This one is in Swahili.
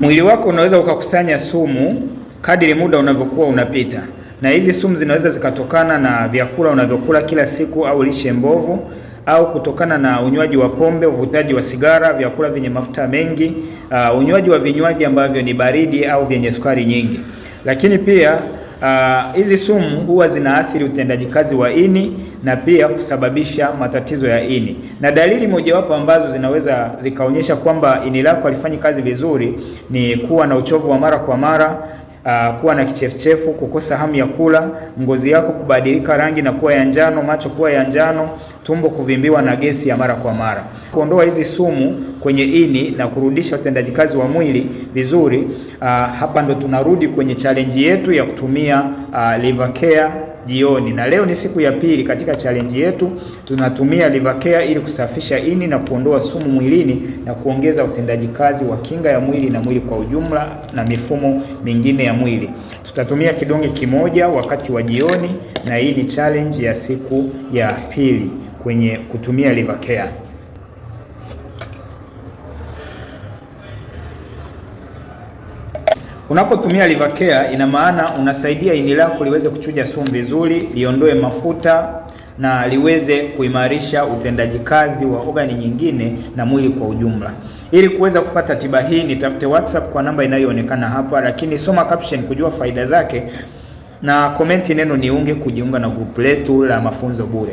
Mwili wako unaweza ukakusanya sumu kadiri muda unavyokuwa unapita, na hizi sumu zinaweza zikatokana na vyakula unavyokula kila siku au lishe mbovu au kutokana na unywaji wa pombe, uvutaji wa sigara, vyakula vyenye mafuta mengi, uh, unywaji wa vinywaji ambavyo ni baridi au vyenye sukari nyingi, lakini pia Ah, hizi uh, sumu huwa zinaathiri utendaji kazi wa ini na pia kusababisha matatizo ya ini, na dalili mojawapo ambazo zinaweza zikaonyesha kwamba ini lako halifanyi kazi vizuri ni kuwa na uchovu wa mara kwa mara, uh, kuwa na kichefuchefu, kukosa hamu ya kula, ngozi yako kubadilika rangi na kuwa ya njano, macho kuwa ya njano, tumbo kuvimbiwa na gesi ya mara kwa mara. Kuondoa hizi sumu kwenye ini na kurudisha utendaji kazi wa mwili vizuri, uh, hapa ndo tunarudi kwenye challenge yetu ya kutumia uh, Liver Care jioni, na leo ni siku ya pili katika challenge yetu. Tunatumia livakea ili kusafisha ini na kuondoa sumu mwilini na kuongeza utendaji kazi wa kinga ya mwili na mwili kwa ujumla na mifumo mingine ya mwili. Tutatumia kidonge kimoja wakati wa jioni, na hii ni challenge ya siku ya pili kwenye kutumia livakea Unapotumia Liver Care ina maana unasaidia ini lako liweze kuchuja sumu vizuri, liondoe mafuta na liweze kuimarisha utendaji kazi wa ogani nyingine na mwili kwa ujumla. Ili kuweza kupata tiba hii, nitafute WhatsApp kwa namba inayoonekana hapa, lakini soma caption kujua faida zake na komenti neno niunge kujiunga na grupu letu la mafunzo bure.